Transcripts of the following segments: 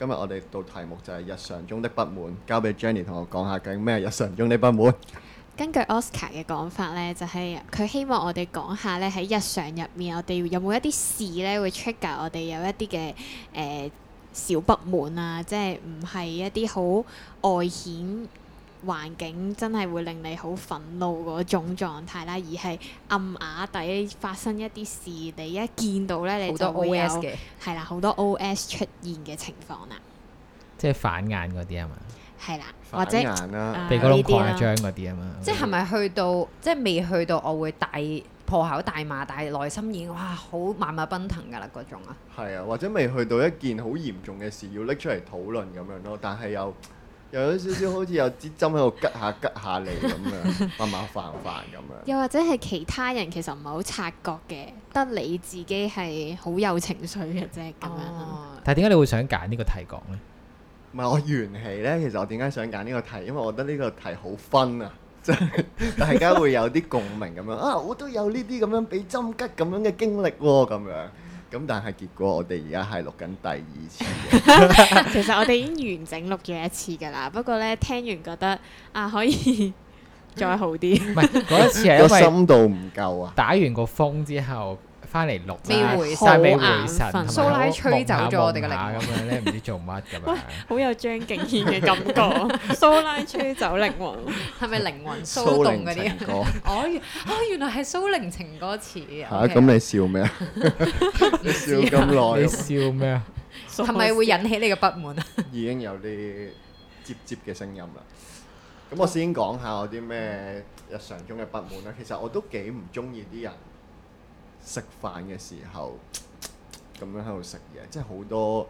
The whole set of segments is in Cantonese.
今日我哋道題目就係日常中的不滿，交俾 Jenny 同我講下究竟咩日常中的不滿。根據 Oscar 嘅講法咧，就係佢希望我哋講下咧喺日常入面，我哋有冇一啲事咧會 trigger 我哋有一啲嘅誒小不滿啊，即係唔係一啲好外顯。環境真係會令你好憤怒嗰種狀態啦，而係暗啞底發生一啲事，你一見到咧，你好多 OS 嘅，係啦，好多 OS 出現嘅情況啦。即係反眼嗰啲啊嘛？係啦，或者鼻哥窿擴張嗰啲啊嘛。即係咪去到即係未去到，我會大破口大罵，但係內心已經哇好萬馬奔騰㗎啦嗰種啊。係啊，或者未去到一件好嚴重嘅事，要拎出嚟討論咁樣咯，但係又。有少少好似有支針喺度吉下吉下你咁樣，麻麻煩煩咁樣， 又或者係其他人其實唔係好察覺嘅，得你自己係好有情緒嘅啫咁樣。但係點解你會想揀呢個題講咧？唔係我元氣呢？其實我點解想揀呢個題，因為我覺得呢個題好分啊，即 係大家會有啲共鳴咁樣啊，我都有呢啲咁樣畀針吉咁樣嘅經歷喎，咁樣。咁但係結果，我哋而家係錄緊第二次。 其實我哋已經完整錄咗一次㗎啦，不過呢，聽完覺得啊可以再好啲。唔係嗰一次係因為深度唔夠啊！打完個風之後。翻嚟六未回晒，飛回神。蘇拉吹走咗我哋嘅靈魂。咁樣咧，唔知做乜咁樣。好有張敬軒嘅感覺。蘇拉吹走靈魂，係咪靈魂騷動嗰啲？騷靈情歌。我原啊，原來係騷靈情歌詞啊。嚇！咁你笑咩啊？你笑咁耐。你笑咩啊？係咪會引起你嘅不滿啊？已經有啲接接嘅聲音啦。咁我先講下我啲咩日常中嘅不滿啦。其實我都幾唔中意啲人。食飯嘅時候咁樣喺度食嘢，即係好多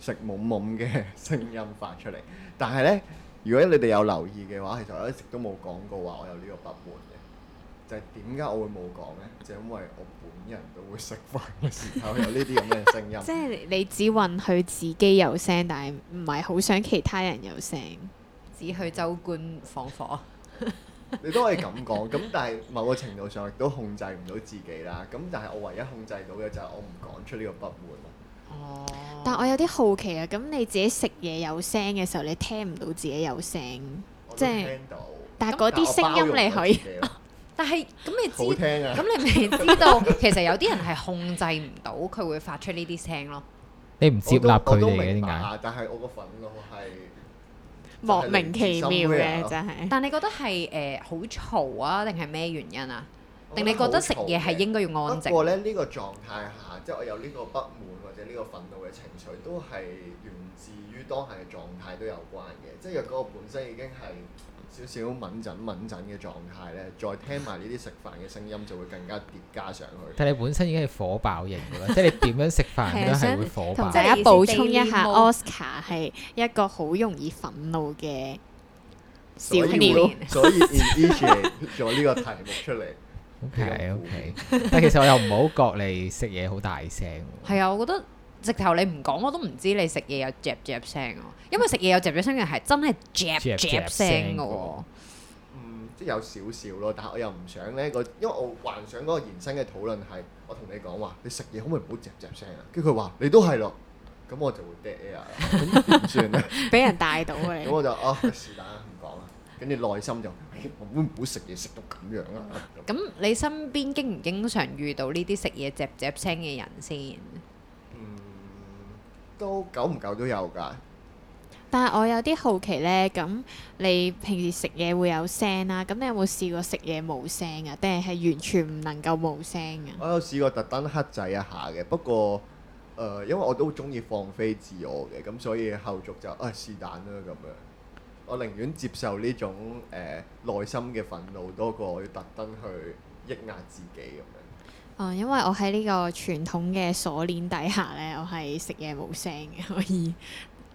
食懵懵嘅聲音發出嚟。但係呢，如果你哋有留意嘅話，其實我一直都冇講過話我有呢個不滿嘅，就係點解我會冇講呢？就因為我本人都會食飯嘅時候有呢啲咁嘅聲音。 即係你只允許自己有聲，但係唔係好想其他人有聲，只許州官放火。 你都可以咁講，咁但係某個程度上亦都控制唔到自己啦。咁但係我唯一控制到嘅就係我唔講出呢個不滿。哦。但我有啲好奇啊，咁你自己食嘢有聲嘅時候，你聽唔到自己有聲，即係。聽到。但係嗰啲聲音你可以。但係咁你知，咁你咪知道其實有啲人係控制唔到佢會發出呢啲聲咯。你唔接納佢哋嘅點解？但係我個憤怒係。莫名其妙嘅真係，但你覺得係誒好嘈啊，定係咩原因啊？定你覺得食嘢係應該要安靜？不過咧，呢個狀態下，即係我有呢個不滿或者呢個憤怒嘅情緒，都係。至於當下嘅狀態都有關嘅，即係若果我本身已經係少少敏震敏震嘅狀態咧，再聽埋呢啲食飯嘅聲音，就會更加疊加上去。但係你本身已經係火爆型㗎啦， 即係你點樣食飯都係會火爆。大家係補充一下，Oscar 係一個好容易憤怒嘅少年。所以所以 invent 咗呢個題目出嚟。O K O K，但其實我又唔好覺得你食嘢好大聲。係啊，我覺得。直頭你唔講我都唔知你食嘢有嚼嚼聲哦，因為食嘢有嚼嚼聲嘅係真係嚼嚼聲嘅喎。嗯，即有少少咯，但係我又唔想呢個，因為我幻想嗰個延伸嘅討論係，我同你講話，你食嘢可唔可以唔好嚼嚼聲啊？跟住佢話你都係咯，咁我就會嗲啊，咁唔算啦，俾人帶到啊你。咁我就啊是但啦唔講啦，跟住內心就我會唔會食嘢食到咁樣啊？咁你身邊經唔經常遇到呢啲食嘢嚼嚼聲嘅人先？都久唔久都有㗎。但係我有啲好奇呢，咁你平時食嘢會有聲啦，咁你有冇試過食嘢冇聲啊？定係係完全唔能夠冇聲啊？我有試過特登克制一下嘅，不過誒，因為我都中意放飛自我嘅，咁所以後續就啊是但啦咁樣。我寧願接受呢種誒內心嘅憤怒，多過要特登去抑壓自己咁樣。因為我喺呢個傳統嘅鎖鏈底下呢，我係食嘢冇聲嘅，可以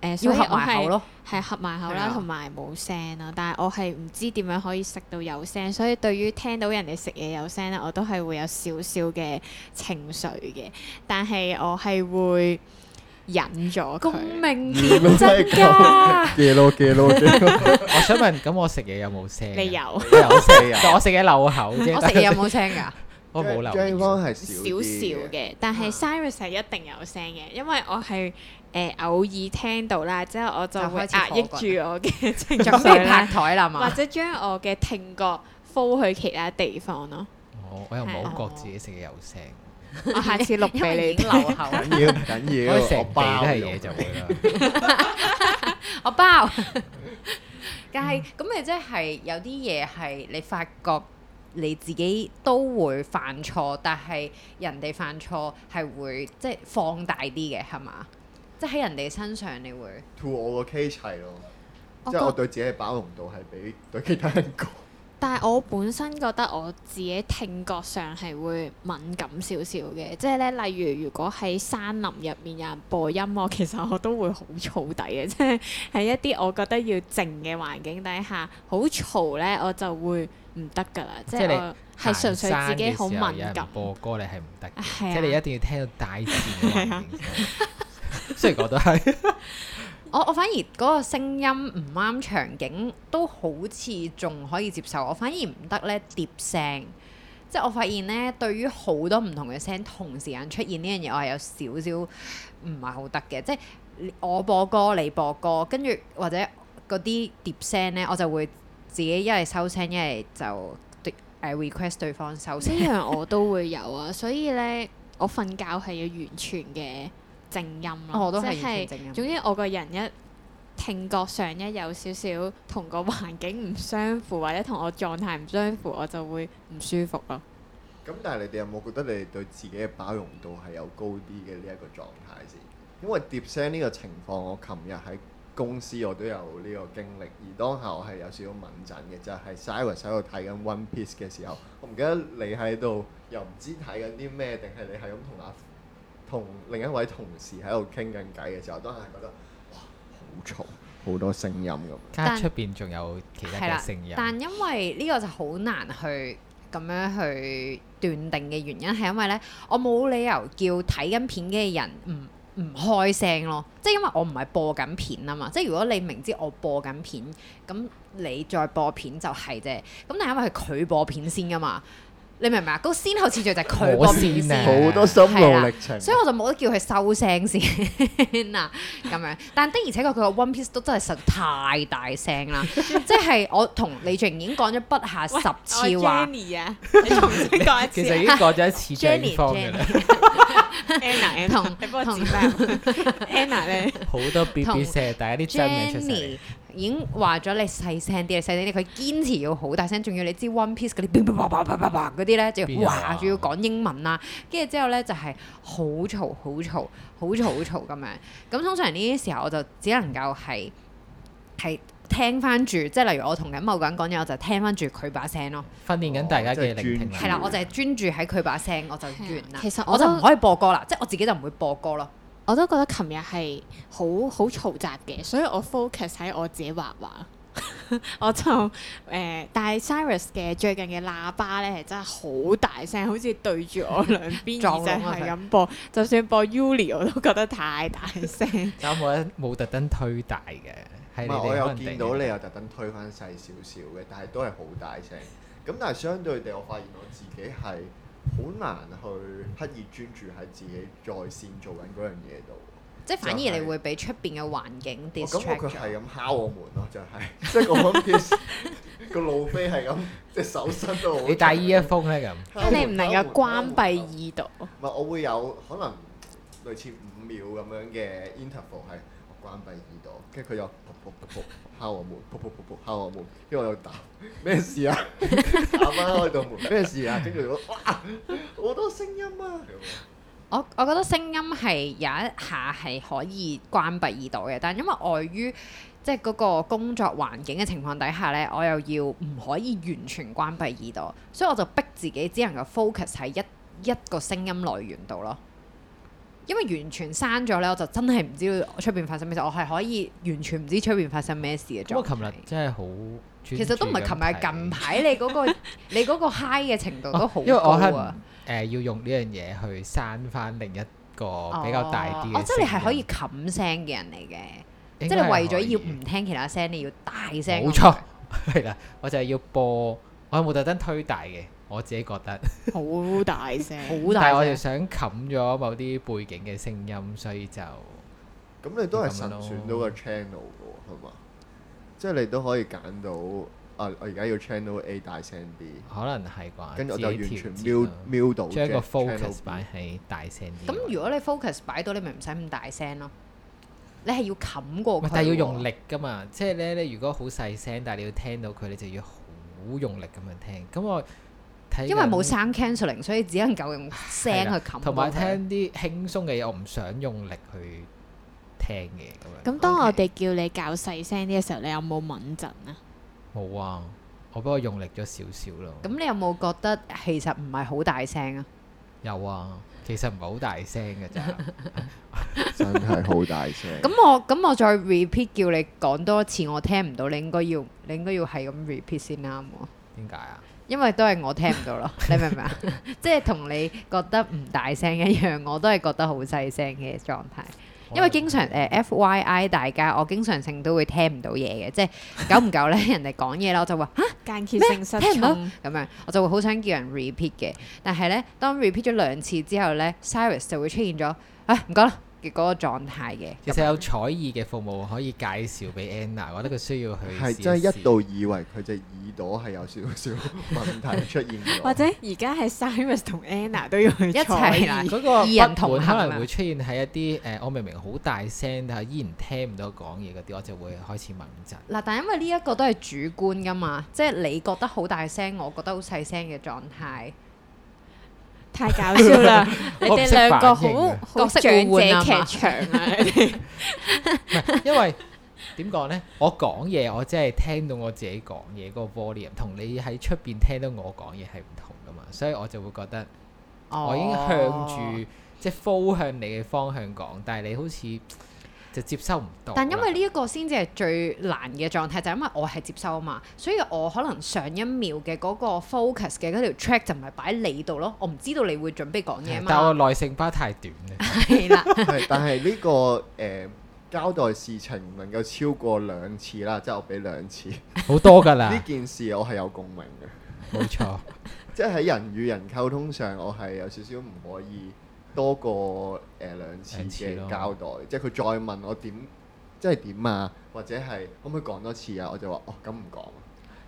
誒，要合埋口咯，係合埋口啦，同埋冇聲啦。但係我係唔知點樣可以食到有聲，所以對於聽到人哋食嘢有聲呢，我都係會有少少嘅情緒嘅。但係我係會忍咗佢。命天嘅，我想問，咁我食嘢有冇聲？你有有聲啊？我食嘢漏口啫，我食嘢有冇聲㗎？我冇留，張方係少少嘅，但係 Cyrus 係一定有聲嘅，因為我係誒、呃、偶爾聽到啦，之後我就會壓抑住我嘅情緒拍台啦嘛，或者將我嘅聽覺 focus 去其他地方咯，哦。我我又冇覺自己食嘢有聲，我下次錄俾你已留後。唔緊要唔緊要，我成包嘢就會啦。我包， 但係咁咪即係有啲嘢係你發覺。你自己都會犯錯，但係人哋犯錯係會即係放大啲嘅，係嘛？即係喺人哋身上你會。to 我個 case 咯，即係我對自己嘅包容度係比對其他人高 。但係我本身覺得我自己聽覺上係會敏感少少嘅，即係咧，例如如果喺山林入面有人播音樂，其實我都會好燥底嘅，即係喺一啲我覺得要靜嘅環境底下，好嘈咧，我就會唔得噶啦，即係你係純粹自己好敏感。播歌你係唔得，即係你一定要聽到大自然嘅環境。雖然我都係。 我我反而嗰個聲音唔啱場景，都好似仲可以接受。我反而唔得咧疊聲，即係我發現咧，對於好多唔同嘅聲同時間出現呢樣嘢，我係有少少唔係好得嘅。即係我播歌，你播歌，跟住或者嗰啲疊聲咧，我就會自己一係收聲，一係就誒 request 對方收聲。呢 樣我都會有啊，所以咧，我瞓覺係要完全嘅。靜音咯，即係、哦、總之我個人一聽覺上一有少少同個環境唔相符，或者同我狀態唔相符，我就會唔舒服咯。咁、嗯、但係你哋有冇覺得你哋對自己嘅包容度係有高啲嘅呢一個狀態先？因為碟聲呢個情況，我琴日喺公司我都有呢個經歷，而當下我係有少少敏感嘅，就係、是、s i l a 喺度睇緊 One Piece 嘅時候，我唔記得你喺度又唔知睇緊啲咩，定係你係咁同阿？同另一位同事喺度傾緊偈嘅時候，都係覺得哇，好嘈，好多聲音咁。但加出邊仲有其他嘅聲音。但因為呢個就好難去咁樣去斷定嘅原因，係因為呢：我冇理由叫睇緊片嘅人唔唔開聲咯。即係因為我唔係播緊片啊嘛。即係如果你明知我播緊片，咁你再播片就係啫。咁但係因為係佢播片先㗎嘛。你明唔明啊？個先後次序就係佢講先啊，係啦，所以我就冇得叫佢收聲先咁樣。但的而且確佢個 One Piece 都真係實太大聲啦，即係我同李俊已經講咗不下十次話。Jenny 啊，你其實已經講咗一次 Jenny 最方嘅啦。Anna，同同 Anna 咧，好多 BB 蛇，第一啲真嘅出嚟。已經話咗你細聲啲，你細聲啲。佢堅持要好大聲，仲要你知 One Piece 嗰啲，嗰啲呢，就要哇，仲要講英文啦。跟住之後呢，就係好嘈、好嘈、好嘈、好嘈噉樣。噉通常呢啲時候，我就只能夠係係聽返住，即係例如我同緊某個人講嘢，我就聽返住佢把聲囉。訓練緊大家嘅力係啦，我就係專注喺佢把聲，我就完啦。其實我就唔可以播歌啦，即係我自己就唔會播歌囉。我都覺得琴日係好好嘈雜嘅，所以我 focus 喺我自己畫畫。 我就誒、呃，但係 Cyrus 嘅最近嘅喇叭咧係真係好大聲，好似對住我兩邊耳仔係咁播。 了就算播 Yuli 我都覺得太大聲。啱好冇特登推大嘅。唔 我有見到你又 特登推返細少少嘅，但係都係好大聲。咁但係相對地，我發現我自己係。好難去刻意專注喺自己在線做緊嗰樣嘢度，即係反而你會俾出邊嘅環境 distraction，佢係咁敲我門咯，就係即係講啲個路飛係咁隻手伸到。你打呢一封咧咁，你唔能夠關閉耳朵。唔係我會有可能類似五秒咁樣嘅 interval 係。關閉耳朵，跟住佢又噗噗噗敲我門，噗噗噗敲我門，跟住我又打咩事啊？打翻開道門咩事啊？跟住我哇好多聲音啊！我我覺得聲音係有一下係可以關閉耳朵嘅，但係因為礙於即係嗰個工作環境嘅情況底下咧，我又要唔可以完全關閉耳朵，所以我就逼自己只能夠 focus 喺一一個聲音來源度咯。因為完全閂咗咧，我就真係唔知出邊發生咩事，我係可以完全唔知出邊發生咩事嘅狀態。我琴日真係好，其實都唔係琴日，近排 你嗰、嗰個你嗰個 high 嘅程度都好高啊！誒、啊呃，要用呢樣嘢去閂翻另一個比較大啲。我覺得你係可以冚聲嘅人嚟嘅，即係你為咗要唔聽其他聲，你要大聲。冇錯，係啦是， 我就係要播，我有冇特登推大嘅。我自己覺得好大聲， 但係我哋想冚咗某啲背景嘅聲音，所以就咁你都係選選到個 channel 㗎喎，係嘛？即係你都可以揀到啊！我而家要 channel A 大聲啲，可能係啩？跟住我就完全瞄瞄，瞄到嘅，將個 focus 擺喺大聲啲。咁如果你 focus 擺到，你咪唔使咁大聲咯。你係要冚過佢，但係要用力㗎嘛？嗯、即係咧，你如果好細聲，但係你要聽到佢，你就要好用力咁樣聽。咁我因為冇 sound cancelling，所以只能夠用聲去冚。同埋聽啲輕鬆嘅嘢，我唔想用力去聽嘅咁樣。咁當我哋叫你較細聲啲嘅時候，你有冇敏震啊？冇啊，我不過用力咗少少咯。咁你有冇覺得其實唔係好大聲啊？有啊，其實唔係好大聲嘅啫，真係好大聲。咁我咁我再 repeat 叫你講多次，我聽唔到，你應該要你應該要係咁 repeat 先啱喎。點解啊？因為都係我聽唔到咯，你明唔明啊？ 即係同你覺得唔大聲一樣，我都係覺得好細聲嘅狀態。因為經常、 uh, FYI 大家，我經常性都會聽唔到嘢嘅，即係久唔久咧，人哋講嘢啦，我就話嚇間歇性失聰咁 樣，我就會好想叫人 repeat 嘅。但係咧，當 repeat 咗兩次之後咧，Cyrus 就會出現咗，唉、啊，唔講啦。嘅嗰個狀態嘅，其實有採耳嘅服務可以介紹俾 Anna，我覺得佢需要去試試。即係一度以為佢隻耳朵係有少少問題出現咗， 或者而家係 Simon 同 Anna 都要去一齊啦。嗰個頻頻可能會出現喺一啲誒、呃，我明明好大聲，但係依然聽唔到講嘢嗰啲，我就會開始問陣。嗱，但因為呢一個都係主觀噶嘛，嗯、即係你覺得好大聲，我覺得好細聲嘅狀態。太搞笑啦！ 你哋兩個好角色互換啊嘛～因為點講呢？我講嘢，我真係聽到我自己講嘢個 volume 同你喺出邊聽到我講嘢係唔同噶嘛，所以我就會覺得我已經向住、哦、即係 full 向你嘅方向講，但係你好似～就接收唔到，但因為呢一個先至係最難嘅狀態，就係、因為我係接收啊嘛，所以我可能上一秒嘅嗰個 focus 嘅嗰條 track 就唔係擺喺你度咯，我唔知道你會準備講嘢啊嘛。但我耐性花太短啦。係啦，係，但係呢、呢個誒、呃、交代事情唔能夠超過兩次啦，即係我俾兩次，好多㗎啦。呢 件事我係有共鳴嘅，冇錯。即係喺人與人溝通上，我係有少少唔可以。多過誒、呃、兩次嘅交代，即係佢再問我點，即係點啊，或者係可唔可以講多次啊？我就話哦，咁唔講，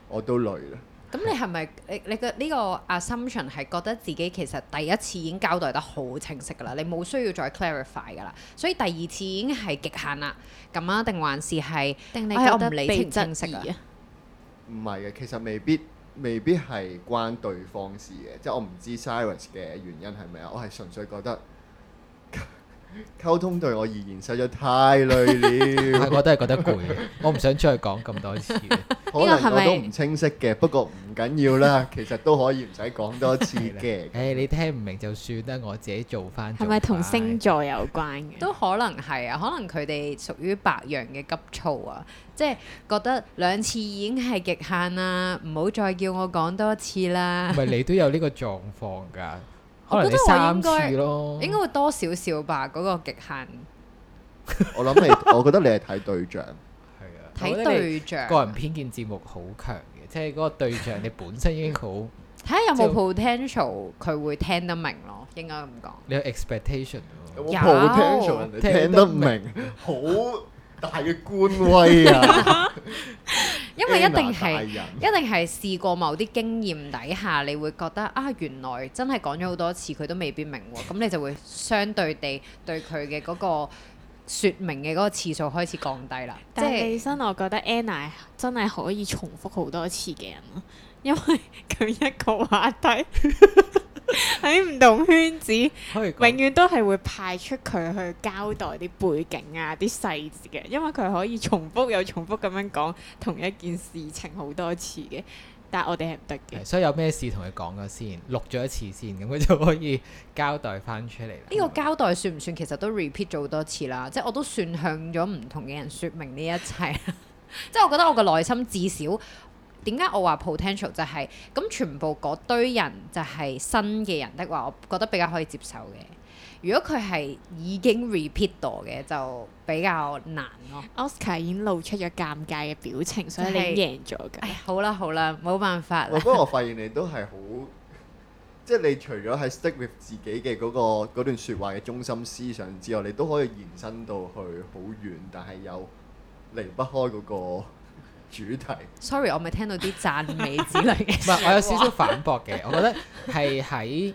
我都累啦，咁、嗯、是你係咪你你嘅呢個 assumption 係覺得自己其實第一次已經交代得好清晰㗎啦？你冇需要再 clarify 噶啦，所以第二次已經係極限啦。咁啊，定還是係？定你覺得、哎、唔理清被質疑晰啊？唔係嘅，其實未必。未必係關對方事嘅，即係我唔知 Siren 嘅原因係咩。啊！我係純粹覺得。 溝通對我而言實在太累了，我都係覺得攰，我唔想出去講咁多次。係咪 可能我都唔清晰嘅，不過唔緊要啦，其實都可以唔使講多次嘅。誒、 哎，你聽唔明就算啦，我自己做翻。係咪同星座有關嘅？ 都可能係啊，可能佢哋屬於白羊嘅急躁啊，即、就、係、是、覺得兩次已經係極限啦，唔好再叫我講多次啦。唔係 你都有呢個狀況㗎。我覺得我應該三次咯，應該會多少少吧，嗰、嗰個極限。 我諗你，我覺得你係睇對象，係 啊，睇對象，個人偏見節目好強嘅，即係嗰個對象你本身已經好睇下有冇 potential，佢 會聽得明咯，應該咁講。你有 expectation，、啊、有，有 potential，有聽得明，好 大嘅官威啊！ 因為一定係一定係試過某啲經驗底下，你會覺得啊，原來真係講咗好多次佢都未必明喎，咁你就會相對地對佢嘅嗰個説明嘅嗰個次數開始降低啦。但係起身，是其實我覺得 Anna 真係可以重複好多次嘅人囉，因為佢一個話題。喺唔 同圈子，永遠都係會派出佢去交代啲背景啊、啲細節嘅，因為佢可以重複又重複咁樣講同一件事情好多次嘅。但係我哋係唔得嘅，所以有咩事同佢講咗先，錄咗一次先，咁佢就可以交代翻出嚟。呢個交代算唔算其實都 repeat 咗好多次啦？即係我都算向咗唔同嘅人説明呢一切。 即係我覺得我嘅內心至少。點解我話 potential 就係、是、咁全部嗰堆人就係新嘅人的話，我覺得比較可以接受嘅。如果佢係已經 repeat 到嘅，就比較難咯、啊。Oscar 已經露出咗尷尬嘅表情，就是、所以你贏咗㗎。唉，好啦好啦，冇辦法啦我。不過我發現你都係好， 即係你除咗喺 stick with 自己嘅嗰、那個段説話嘅中心思想之外，你都可以延伸到去好遠，但係又離不開嗰、那個。主題，sorry，我咪聽到啲讚美之類嘅。唔係， 我有少少反駁嘅。我覺得係喺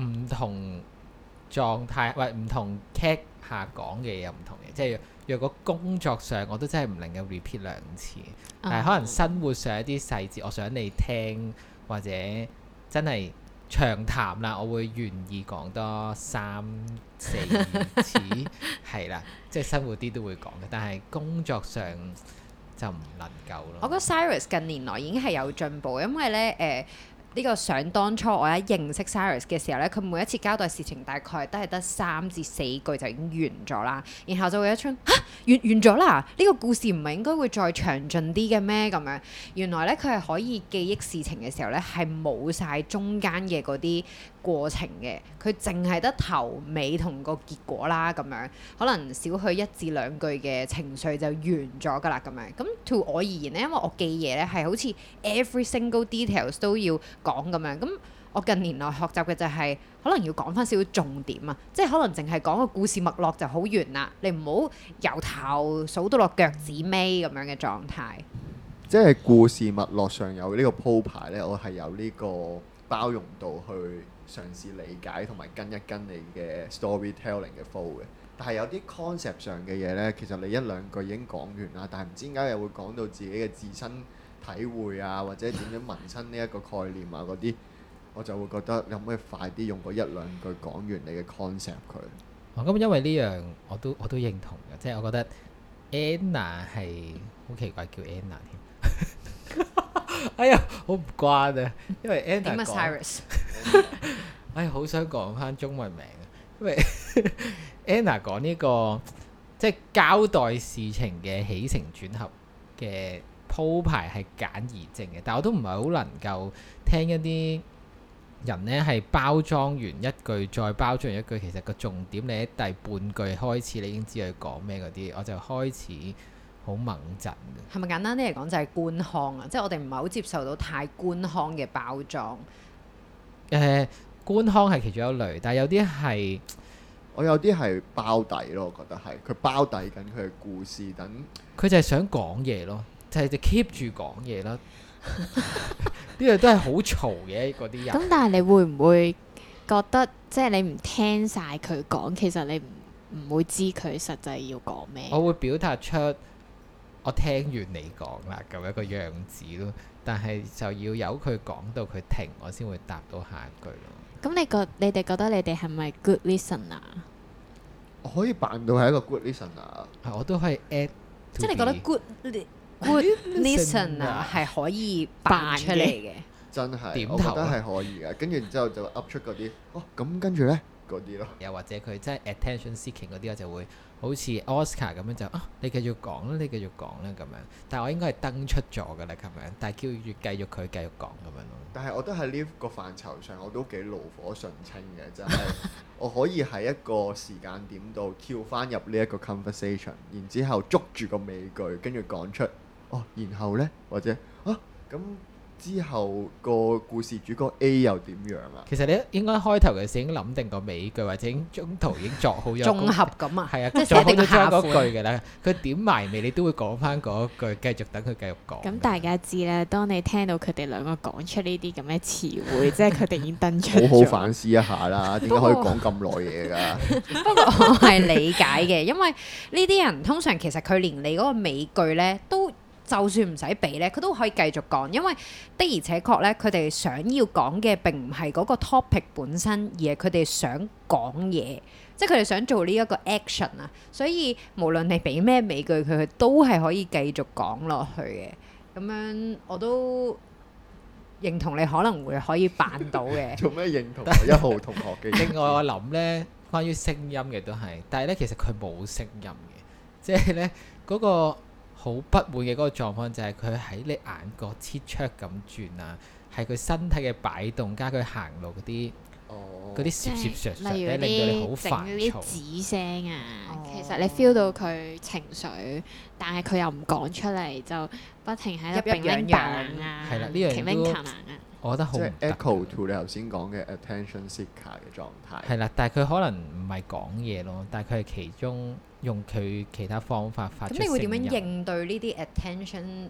唔同狀態，或唔同 cat 下講嘅嘢又唔同嘅。即係若，若果工作上，我都真係唔願意 repeat 兩次。但係可能生活上一啲細節，我想你聽或者真係長談啦，我會願意講多三四次係啦。 即係生活啲都會講嘅，但係工作上。就唔能夠咯。我覺得 Cyrus 近年來已經係有進步，因為咧誒。呃呢個想當初我一認識 Siri 嘅時候呢，佢每一次交代事情大概都係得三至四句就已經完咗啦。然後就會一出嚇完完咗啦，呢、這個故事唔係應該會再詳盡啲嘅咩？咁樣原來呢，佢係可以記憶事情嘅時候呢，係冇晒中間嘅嗰啲過程嘅，佢淨係得頭尾同個結果啦咁樣，可能少去一至兩句嘅情緒就完咗噶啦咁樣。咁 to 我而言呢，因為我記嘢呢，係好似 every single details 都要。講咁樣，咁我近年來學習嘅就係、是，可能要講翻少少重點啊，即係可能淨係講個故事脈絡就好完啦，你唔好由頭數到落腳趾尾咁樣嘅狀態。嗯，即係故事脈絡上有呢個鋪排呢，我係有呢個包容度去嘗試理解同埋跟一跟你嘅 storytelling 嘅 flow 嘅。但係有啲 concept 上嘅嘢呢，其實你一兩句已經講完啦，但係唔知點解又會講到自己嘅自身。體會啊，或者點樣聞親呢一個概念啊，嗰啲我就會覺得有冇可，可以快啲用嗰一兩句講完你嘅 concept 佢。哦，咁因為呢樣我都我都認同嘅，即係我覺得 Anna 係好奇怪叫 Anna 添、 哎。哎呀，好唔慣啊！因為 Anna 講。e Cyrus imas、 哎。哎，好想講翻中文名啊！因為 Anna 講呢、呢個即係交代事情嘅起承轉合嘅。鋪排係簡而精嘅，但係我都唔係好能夠聽一啲人呢，係包裝完一句再包裝完一句，其實個重點你喺第半句開始，你已經知佢講咩嗰啲，我就開始好猛震。係咪簡單啲嚟講，就係官腔啊？即係我哋唔係好接受到太官腔嘅包裝。誒、呃，官腔係其中一類，但係有啲係我有啲係包底咯，我覺得係佢包底緊佢嘅故事等。佢就係想講嘢咯。就係就 keep 住講嘢啦，呢個都係好嘈嘅嗰啲人。咁但係你會唔會覺得，即係你唔聽晒佢講，其實你唔唔會知佢實際要講咩？我會表達出我聽完你講啦，咁一個樣子咯。但係就要由佢講到佢停，我先會答到下一句咯。咁你覺你哋覺得你哋係咪 good listener？我可以扮到係一個 good listener，係我都係誒，即係你覺得 good。g listener 係可以扮出嚟嘅，真係，我覺得係可以嘅。跟住然之後就 Up 出嗰啲，哦咁跟住咧嗰啲咯。又或者佢即係 attention seeking 嗰啲我就會好似 Oscar 咁樣就啊、哦，你繼續講啦，你繼續講啦咁樣。但係我應該係登出咗㗎啦，咁樣。但係叫住繼續佢繼續講咁樣咯。 但係我覺得喺呢個範疇上，我都幾爐火純青嘅，就係、是、我可以喺一個時間點度跳翻入呢一個 conversation，然之後捉住個尾句，跟住講出。哦，然後呢，或者啊，咁之後個故事主角 A 又點樣啊？其實你應該開頭嘅時已經諗定個尾句，或者中途已經作好咗綜合咁啊，係啊，即係定下嗰句嘅啦。佢點埋尾，你都會講翻嗰句，繼續等佢繼續講。咁大家知呢，當你聽到佢哋兩個講出呢啲咁嘅詞彙，即係佢哋已經登出。好好反思一下啦，點解可以講咁耐嘢㗎？不過我係理解嘅，因為呢啲人通常其實佢連你嗰個尾句呢都。就算唔使俾咧，佢都可以繼續講，因為的而且確咧，佢哋想要講嘅並唔係嗰個 topic 本身，而係佢哋想講嘢，即係佢哋想做呢一個 action 啊。所以無論你俾咩美句，佢佢都係可以繼續講落去嘅。咁樣我都認同你可能會可以辦到嘅。 做咩認同一號同學嘅？ 另外我諗咧，關於聲音嘅都係，但係咧其實佢冇聲音嘅，即係咧嗰個。好不滿嘅嗰個狀況就係佢喺你眼角切出咁轉啊，係佢身體嘅擺動，加佢行路嗰啲嗰啲攝攝實實咧令到你好煩躁，嗰啲紙聲啊，其實你 feel 到佢情緒，但係佢又唔講出嚟，就不停喺度乒乒乓乓啊，乒乒乓乓啊，係啦，呢樣嘢，我覺得即係 echo to 你頭先講嘅 attention seeker 嘅狀態。係啦，但係佢可能唔係講嘢咯，但係佢係其中。用佢其他方法發咁，你會點樣應對 attention 呢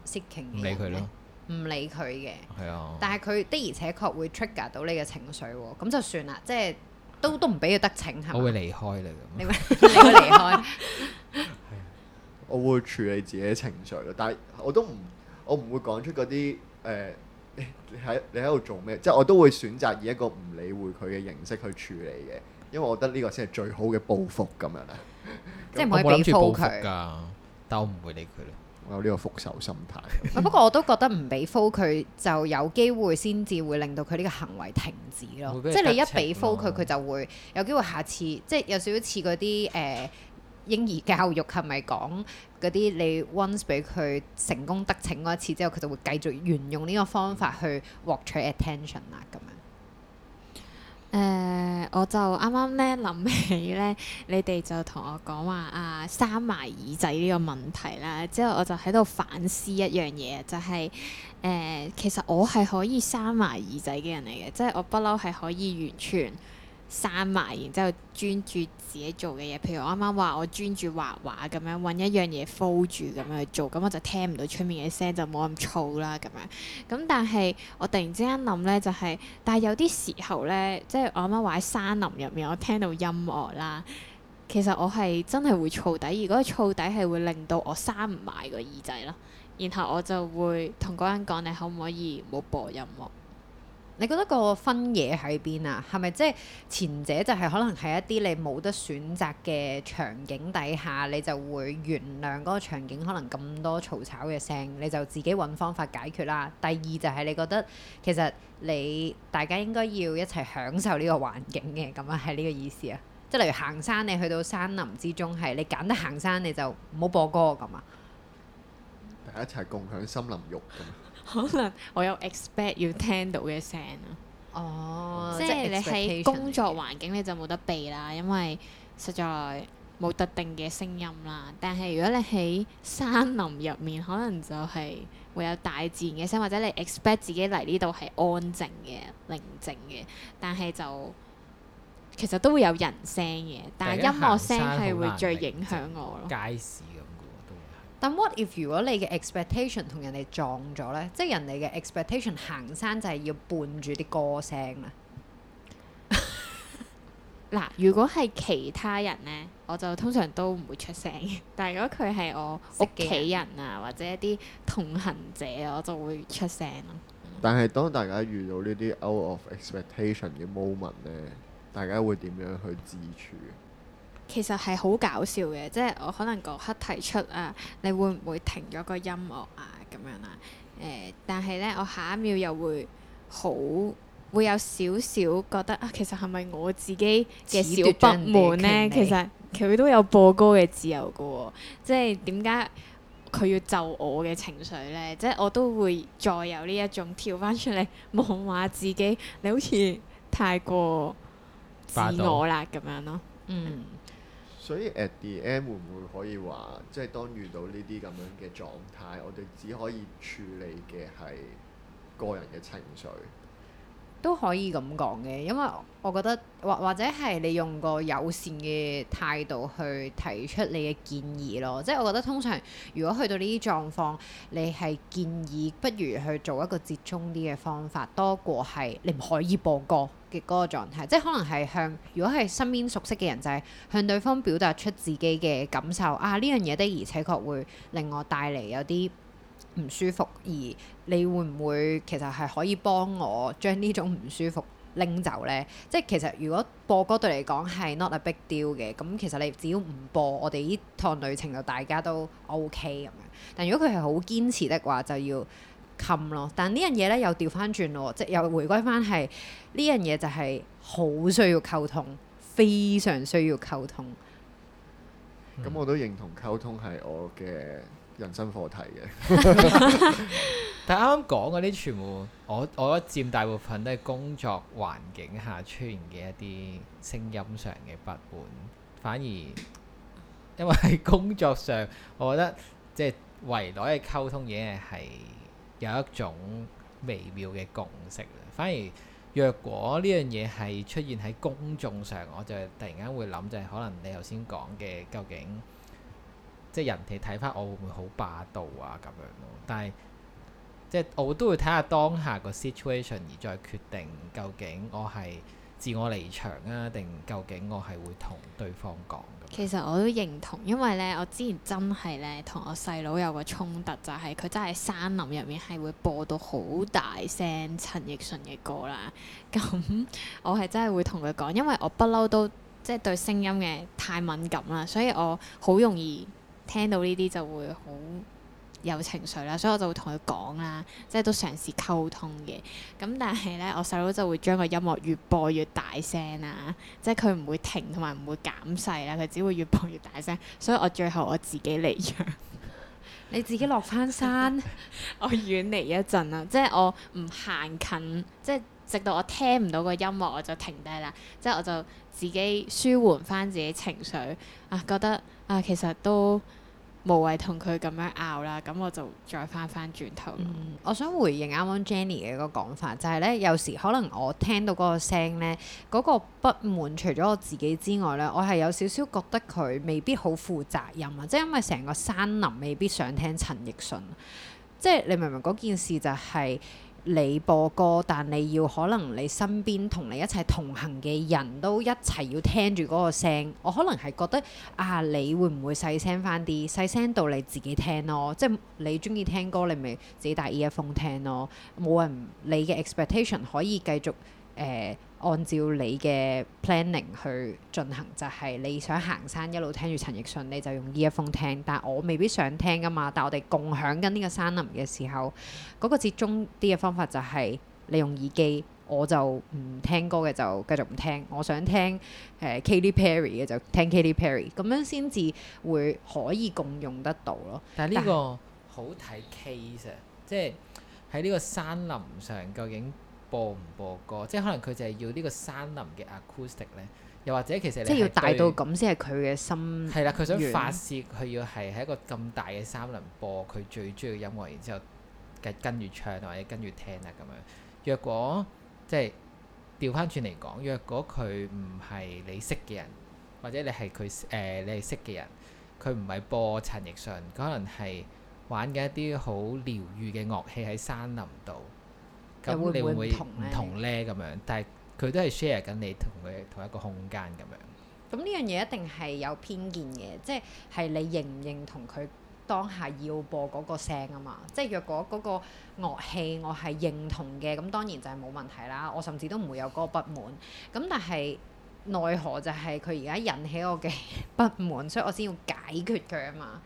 啲 attention-seeking 嘅人咧？唔理佢咯，唔理佢嘅。係啊，但係佢的而且確會 trigger 到你嘅情緒喎。咁的就算啦，即係都都唔俾佢得逞係咪？我會離開 你咁。你會離開。 我會處理自己嘅情緒咯，但係我都唔我唔會講出嗰啲誒，喺你喺度做咩，即係我都會選擇以一個唔理會佢嘅形式去處理嘅，因為我覺得呢個先係最好嘅報復咁樣啊。即係唔可以俾 foo 佢，他他但我唔會理佢喇。我有呢個復仇心態。 不過我都覺得唔俾 foo 佢，就有機會先至會令到佢呢個行為停止咯。即係你一俾 foo 佢，佢就會有機會下次，即係有少少似嗰啲誒嬰兒教育，係咪講嗰啲你 once 俾佢成功得逞嗰一次之後，佢就會繼續沿用呢個方法去獲取 attention 啊咁樣。誒，uh，我就啱啱咧諗起咧，你哋就同我講話啊，閂、啊、埋耳仔呢個問題啦。之後我就喺度反思一樣嘢，就係、是、誒、呃，其實我係可以閂埋耳仔嘅人嚟嘅，即、就、係、是、我不嬲係可以完全。閂埋，然之後專注自己做嘅嘢。譬如我啱啱話我專注畫畫咁樣，揾一樣嘢 focus 咁樣去做，咁我就聽唔到出面嘅聲，就冇咁燥啦咁樣。咁但係我突然之間諗呢，就係、是，但係有啲時候呢，即係我啱啱話喺山林入面，我聽到音樂啦，其實我係真係會燥底，如果燥底係會令到我閂唔埋個耳仔咯。然後我就會同嗰人講：你可唔可以冇播音樂？你覺得個分野喺邊啊？係咪即係前者就係可能係一啲你冇得選擇嘅場景底下，你就會原諒嗰個場景可能咁多嘈吵嘅聲，你就自己揾方法解決啦。第二就係你覺得其實你大家應該要一齊享受呢個環境嘅，咁啊係呢個意思啊？即係例如行山，你去到山林之中，係你揀得行山，你就唔好播歌咁啊。大家一齊共享森林浴咁。可能我有 expect 要聽到嘅聲咯，哦，即係你喺工作環境你就冇得避啦，因為實在冇特定嘅聲音啦。但係如果你喺山林入面，可能就係會有大自然嘅聲，或者你 expect 自己嚟呢度係安靜嘅、寧靜嘅，但係就其實都會有人聲嘅，但係音樂聲係會最影響我咯。街市。但 what if 如果你嘅 expectation 同人哋撞咗呢？即係人哋嘅 expectation 行山就係要伴住啲歌聲啦。嗱， 如果係其他人呢，我就通常都唔會出聲嘅。 但係如果佢係我屋企人啊，人啊或者一啲同行者，我就會出聲咯。但係當大家遇到呢啲 out of expectation 嘅 moment 呢，大家會點樣去自處？其實係好搞笑嘅，即係我可能嗰刻提出啊，你會唔會停咗個音樂啊咁樣啦、啊？誒、呃，但係咧，我下一秒又會好會有少少覺得啊，其實係咪我自己嘅小不滿咧？其實佢都有播歌嘅自由嘅喎、哦，即係點解佢要就我嘅情緒咧？即係我都會再有呢一種跳返出嚟，冇話自己你好似太過自我啦咁樣咯，嗯。嗯。所以誒，D.M 會唔會可以話，即係當遇到呢啲咁樣嘅狀態，我哋只可以處理嘅係個人嘅情緒，都可以咁講嘅，因為我覺得或或者係你用個友善嘅態度去提出你嘅建議咯。即係我覺得通常如果去到呢啲狀況，你係建議不如去做一個折中啲嘅方法，多過係你唔可以播歌。嘅嗰個狀態，即係可能係向，如果係身邊熟悉嘅人，就係、是、向對方表達出自己嘅感受啊！呢樣嘢的而且確會令我帶嚟有啲唔舒服，而你會唔會其實係可以幫我將呢種唔舒服拎走呢？即係其實如果播歌對嚟講係 not a big deal 嘅，咁其實你只要唔播，我哋呢趟旅程就大家都 OK 咁樣。但如果佢係好堅持的話，就要。冚咯，但呢樣嘢咧又調翻轉咯，即又回歸翻係呢樣嘢就係好需要溝通，非常需要溝通。咁、嗯、我都認同溝通係我嘅人生課題嘅。 但啱啱講嗰啲全部，我我覺得佔大部分都係工作環境下出現嘅一啲聲音上嘅不滿，反而因為喺工作上，我覺得即圍內嘅溝通嘢係。有一種微妙嘅共識，反而若果呢樣嘢係出現喺公眾上，我就突然間會諗就係可能你頭先講嘅，究竟即係人哋睇返我會唔會好霸道啊？咁樣咯。但係即係我都會睇下當下個 situation 而再決定究竟我係自我離場啊，定究竟我係會同對方講。其實我都認同，因為呢，我之前真係呢同我細佬有個衝突，就係、是、佢真係山林入面係會播到好大聲陳奕迅嘅歌啦。咁我係真係會同佢講，因為我不嬲都即係、就是、對聲音嘅太敏感啦，所以我好容易聽到呢啲就會好。有情緒啦，所以我就會同佢講啦，即係都嘗試溝通嘅。咁但係呢，我細佬就會將個音樂越播越大聲啦，即係佢唔會停同埋唔會減細啦，佢只會越播越大聲。所以我最後我自己離場，你自己落返山， 我遠離一陣啦，即係我唔行近，即係直到我聽唔到個音樂，我就停低啦。即係我就自己舒緩返自己情緒啊，覺得啊，其實都。無謂同佢咁樣拗啦，咁我就再翻翻轉頭。我想回應啱啱 Jenny 嘅一個講法，就係咧，有時可能我聽到嗰個聲咧，嗰個不滿除咗我自己之外咧，我係有少少覺得佢未必好負責任啊，即係因為成個山林未必想聽陳奕迅，即係你明唔明嗰件事就係？你播歌，但你要可能你身邊同你一齊同行嘅人都一齊要聽住嗰個聲。我可能係覺得啊，你會唔會細聲翻啲，細聲到你自己聽咯，即係你中意聽歌，你咪自己戴耳風聽咯。冇人，你嘅 expectation 可以繼續誒。呃按照你嘅 planning 去進行，就係你想行山一路聽住陳奕迅，你就用耳 phone 聽。但我未必想聽噶嘛。但係我哋共享緊呢個山林嘅時候，嗰個集中啲嘅方法就係你用耳機，我就唔聽歌嘅就繼續唔聽。我想聽誒 Katy Perry 嘅就聽 Katy Perry，咁樣先至會可以共用得到咯。但係呢個好睇 case 啊，即係喺呢個山林上究竟。播唔播歌，即係可能佢就係要呢個山林嘅 acoustic 咧，又或者其實你即係要大到咁先係佢嘅心願。係啦，佢想發泄，佢要係喺一個咁大嘅山林播佢最中意嘅音樂，然之後跟住唱或者跟住聽啊咁樣。若果即係調翻轉嚟講，若果佢唔係你識嘅人，或者你係佢誒你係識嘅人，佢唔係播陳奕迅，佢可能係玩嘅一啲好療癒嘅樂器喺山林度。咁你會唔會同咧？咁樣， 但係佢都係 share 緊你同佢同一個空間咁樣。咁呢樣嘢一定係有偏見嘅，即係係你認唔認同佢當下要播嗰個聲啊嘛？即係若果嗰個樂器我係認同嘅，咁當然就係冇問題啦。我甚至都唔會有嗰個不滿。咁但係奈何就係佢而家引起我嘅不滿，所以我先要解決佢啊嘛。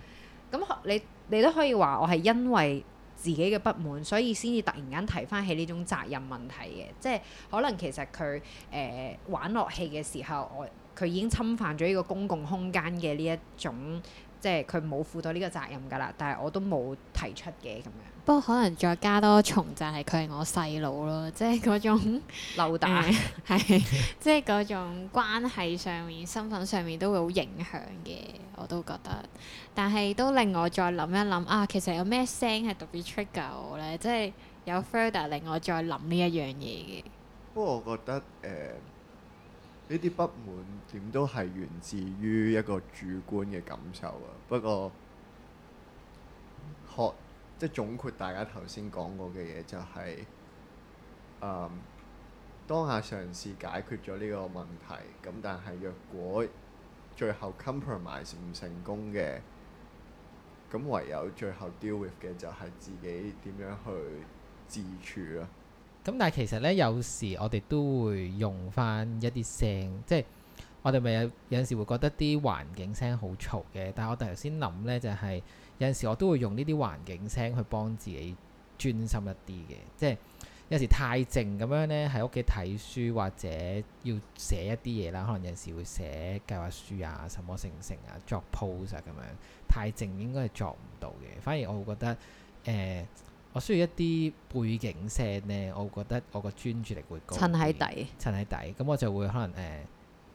咁你你都可以話我係因為，自己嘅不滿，所以先至突然間提翻起呢種責任問題嘅，即係可能其實佢誒、呃、玩樂器嘅時候，我佢已經侵犯咗呢個公共空間嘅呢一種，即係佢冇負到呢個責任㗎啦，但係我都冇提出嘅咁樣。不過可能再加多一重就係佢係我細佬咯，即係嗰種老大，即係嗰種關係上面、身份上面都會好影響嘅，我都覺得。但係都令我再諗一諗啊，其實有咩聲係特別 trigger 我呢？即係有 Further 令我再諗呢一樣嘢嘅。不過我覺得誒呢啲不滿點都係源自於一個主觀嘅感受啊。不過學。即係總括大家頭先講過嘅嘢，就係，就係誒當下嘗試解決咗呢個問題，咁但係若果最後 compromise 唔成功嘅，咁唯有最後 deal with 嘅就係自己點樣去自處啦。咁但係其實咧，有時我哋都會用返一啲聲，即係。我哋咪有有陣時會覺得啲環境聲好嘈嘅，但係我頭先諗呢，就係、是、有陣時我都會用呢啲環境聲去幫自己專心一啲嘅，即係有時太靜咁樣呢，喺屋企睇書或者要寫一啲嘢啦，可能有陣時會寫計劃書啊、什麼成成啊、作 pose 啊咁樣，太靜應該係作唔到嘅，反而我會覺得誒、呃，我需要一啲背景聲呢，我會覺得我個專注力會高，襯喺底，襯喺底，咁我就會可能誒。呃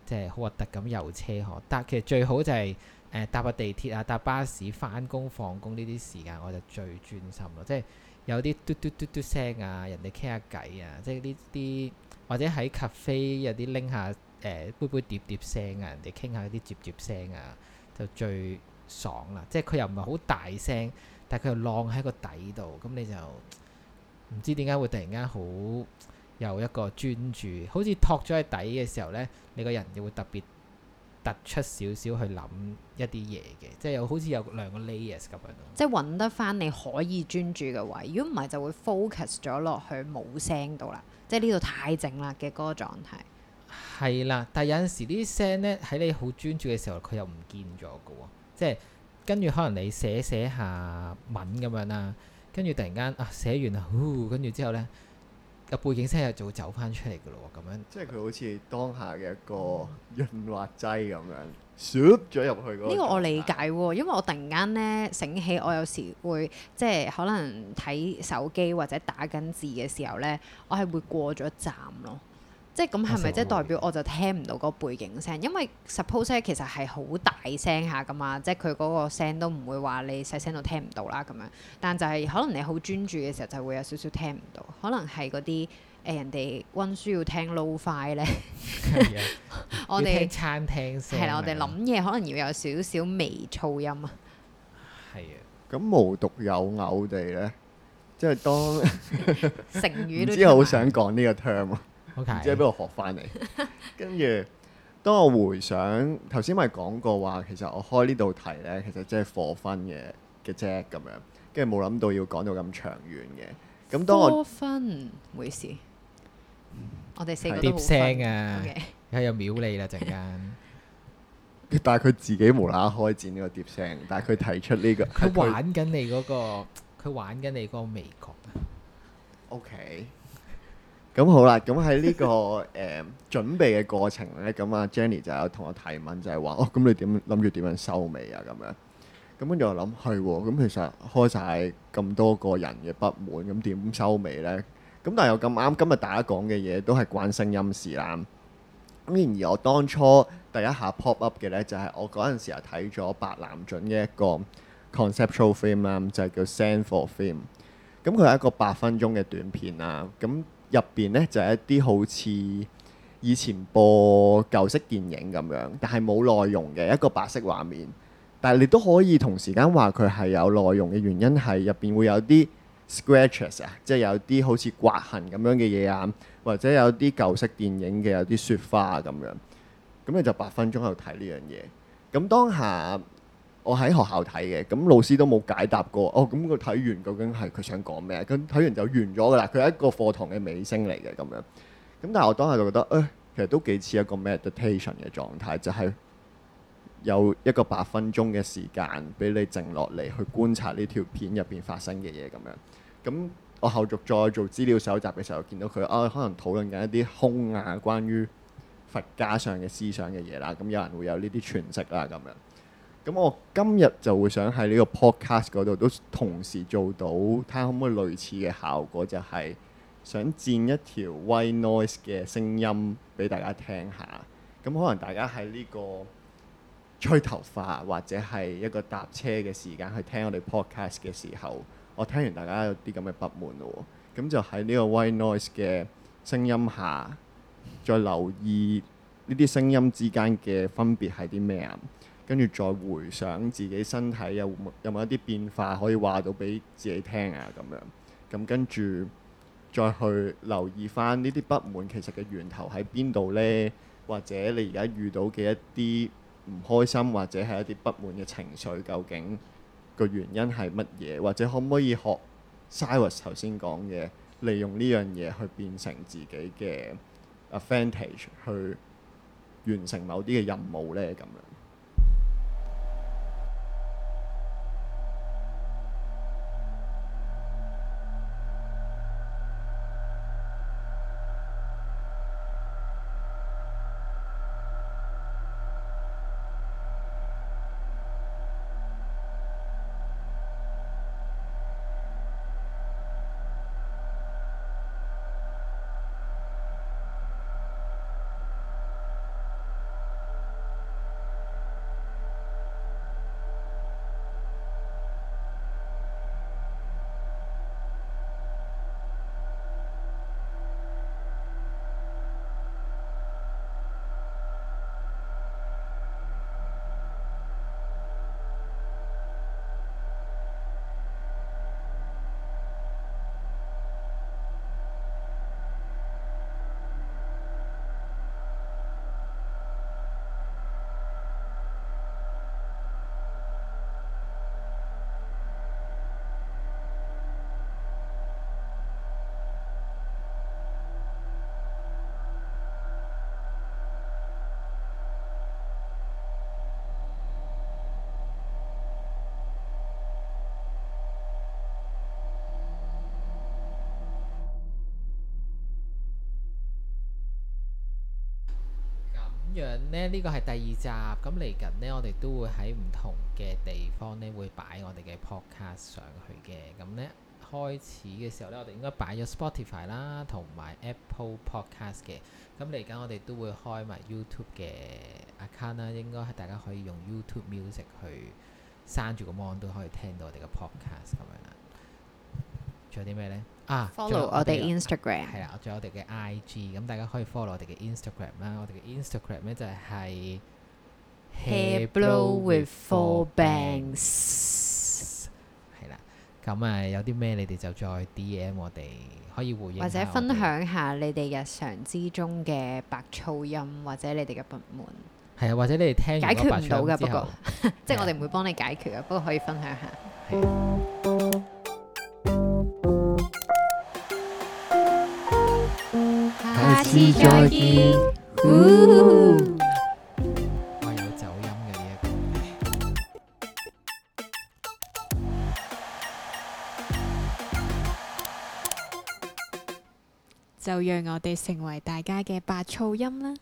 即係好核突咁遊車河，但其實最好就係、是、誒、呃、搭個地鐵啊，搭巴士返工放工呢啲時間我就最專心咯。即係有啲嘟嘟嘟嘟聲啊，人哋傾下偈啊，即係呢啲或者喺 cafe 有啲拎下誒、呃、杯杯碟碟，碟碟聲啊，人哋傾下啲接接聲啊，就最爽啦。即係佢又唔係好大聲，但係佢又浪喺個底度，咁你就唔知點解會突然間好～有一個專注，好似托咗喺底嘅時候呢，你個人又會特別突出少少去諗一啲嘢嘅，即係又好似有兩個 layers 咁樣。即係揾得翻你可以專注嘅位，如果唔係就會 focus 咗落去冇聲度啦，即係呢度太靜啦嘅嗰個狀態。係啦，但係有陣時啲聲呢，喺你好專注嘅時候，佢又唔見咗嘅喎，即係跟住可能你寫寫下文咁樣啦，跟住突然間啊寫完啊，跟住之後呢。個背景聲又早走翻出嚟嘅咯喎，咁樣即係佢好似當下嘅一個潤滑劑咁樣，攝咗入去嗰個。呢個我理解喎、啊，因為我突然間咧醒起，我有時會即係可能睇手機或者打緊字嘅時候咧，我係會過咗站咯。即係咁係咪即係代表我就聽唔到嗰個背景聲？因為 suppose 其實係好大聲下噶嘛，即係佢嗰個聲都唔會話你細聲到聽唔到啦咁樣。但就係可能你好專注嘅時候就會有少少聽唔到，可能係嗰啲誒人哋溫書要聽 lo-fi 咧。我哋餐廳聲係啦，我哋諗嘢可能要有少少微噪音啊。係啊的，咁無獨有偶地咧，即、就、係、是、當 成語都知我語，我好想講呢個 term 即係邊度學翻嚟？跟住，當我回想頭先咪講過話，其實我開呢道題呢，其實即係 for fun 嘅嘅啫咁樣，跟住冇諗到要講到咁長遠嘅。咁當我分沒事，fun，嗯、我哋四個碟聲啊，佢又 Okay。秒你啦，陣間。但係佢自己無啦啦開展呢個碟聲，但係佢提出呢個，佢玩緊你嗰個，佢玩緊你嗰個微角啊。O K。Okay. 咁好啦，咁喺呢個誒準備嘅過程咧，咁啊 Jenny 就有同我提問，就係話：哦，咁你點諗住點樣收尾啊？咁樣，咁跟住我諗，係喎。咁其實開曬咁多個人嘅不滿，咁點收尾咧？咁但係又咁啱，今日大家講嘅嘢都係關聲音事啦。咁然而我當初第一下 pop up 嘅咧，就係我嗰陣時候睇咗白南準嘅一個 conceptual film 啦，就係叫 Zen for Film。咁佢係一個八分鐘嘅短片啊，咁。入邊呢，就係一啲好似以前播舊式電影咁樣，但係冇內容嘅一個白色畫面。但係你都可以同時間話佢係有內容嘅，原因係入邊會有啲 scratches 啊，即係有啲好似刮痕咁樣嘅嘢啊，或者有啲舊式電影嘅有啲雪花咁樣。咁你就八分鐘喺度睇呢樣嘢。咁當下。我喺學校睇嘅，咁老師都冇解答過。哦，咁佢睇完究竟係佢想講咩？咁睇完就完咗噶啦。佢係一個課堂嘅尾聲嚟嘅咁樣。咁但係我當下就覺得，誒、欸，其實都幾似一個 meditation 嘅狀態，就係、是、有一個八分鐘嘅時間俾你靜落嚟去觀察呢條片入邊發生嘅嘢咁樣。咁我後續再做資料搜集嘅時候，見到佢啊，可能討論緊一啲空啊，關於佛家上嘅思想嘅嘢啦。咁有人會有呢啲詮釋啦咁樣。咁我今日就會想喺呢個 podcast 度都同時做到，睇下可唔可以類似嘅效果，就係、是、想剪一條 white noise 嘅聲音俾大家聽下。咁可能大家喺呢個吹頭髮或者係一個搭車嘅時間去聽我哋 podcast 嘅時候，我聽完大家有啲咁嘅不滿咯。咁就喺呢個 white noise 嘅聲音下，再留意呢啲聲音之間嘅分別係啲咩啊？跟住再回想自己身體有冇有冇一啲變化，可以話到俾自己聽啊，咁樣，咁跟住再去留意翻呢啲不滿其實嘅源頭喺邊度咧？或者你而家遇到嘅一啲唔開心或者係一啲不滿嘅情緒究竟個原因係乜嘢？或者可唔可以學 Cyrus 頭先講嘅，利用呢樣嘢去變成自己嘅 advantage，去完成某啲嘅任務咧？咁樣。樣呢，呢個係第二集。咁嚟緊呢，我哋都會喺唔同嘅地方呢會擺我哋嘅 podcast 上去嘅。咁呢，開始嘅時候呢，我哋應該擺咗 Spotify 啦，同埋 Apple Podcast 嘅。咁嚟緊我哋都會開埋 YouTube 嘅 account 啦，應該係大家可以用 YouTube Music 去閂住個 mon 都可以聽到我哋嘅 podcast 咁樣啦。仲有啲咩呢？啊，follow 我哋 Instagram 係啊，仲有我哋嘅 IG，咁大家可以 follow 我哋嘅 Instagram 啦。我哋嘅 Instagram 咧就係 hair blow with four bangs，係啦。咁啊，有啲咩你哋就再 DM 我哋可以回應。或者分享下你哋日常之中嘅白噪音，或者你哋嘅不滿。係啊，或者你哋聽完白噪音之後，解決唔到㗎，不過 即係我哋唔會幫你解決啊，對不過可以分享下。下次再見。 就讓我哋成為大家嘅白噪音啦。